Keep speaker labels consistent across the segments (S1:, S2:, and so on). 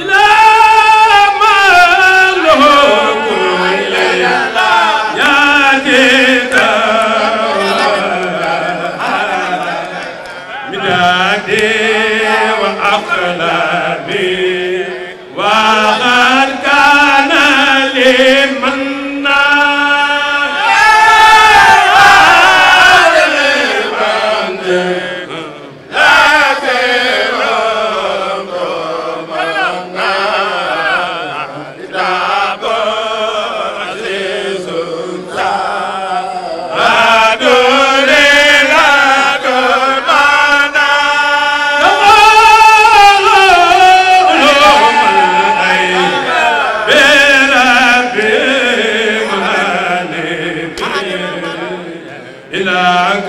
S1: ila إلهك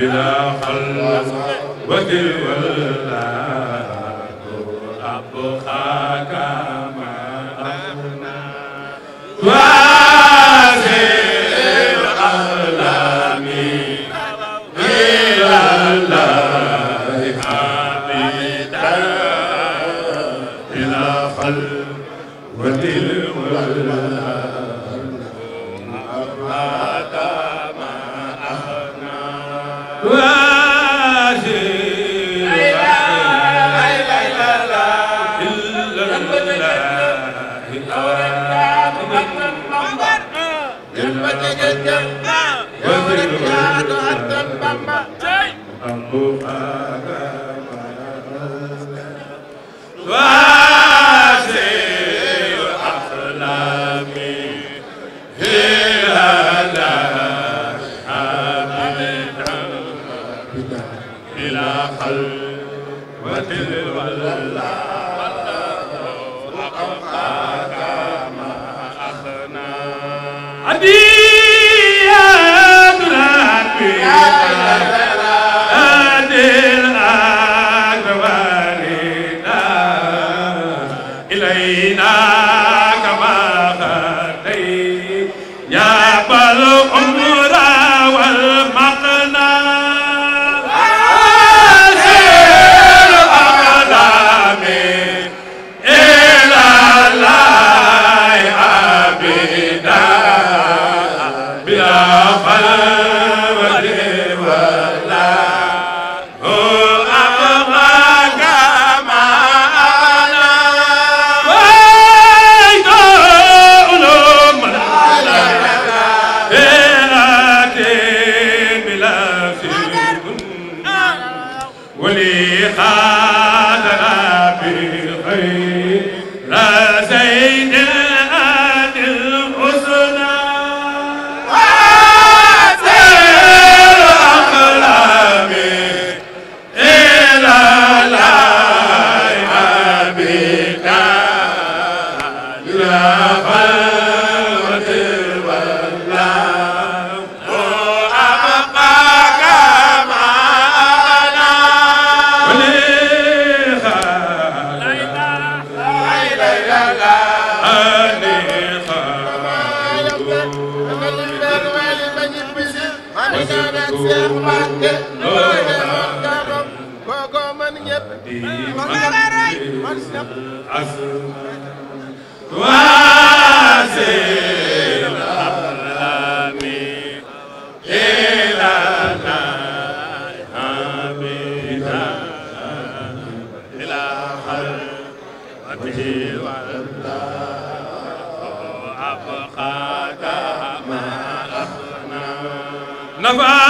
S1: بلا خلف وكل والله أبو خاكا di masjid as Nava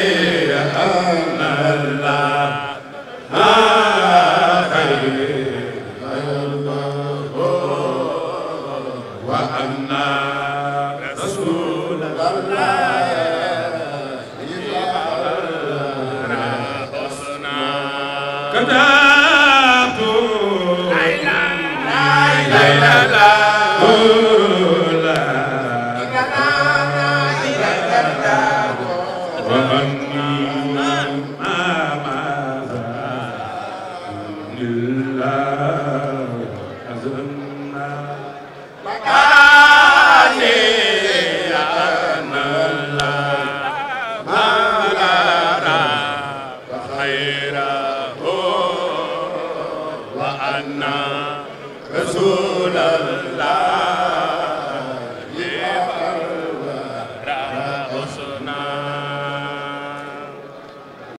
S1: Amen. la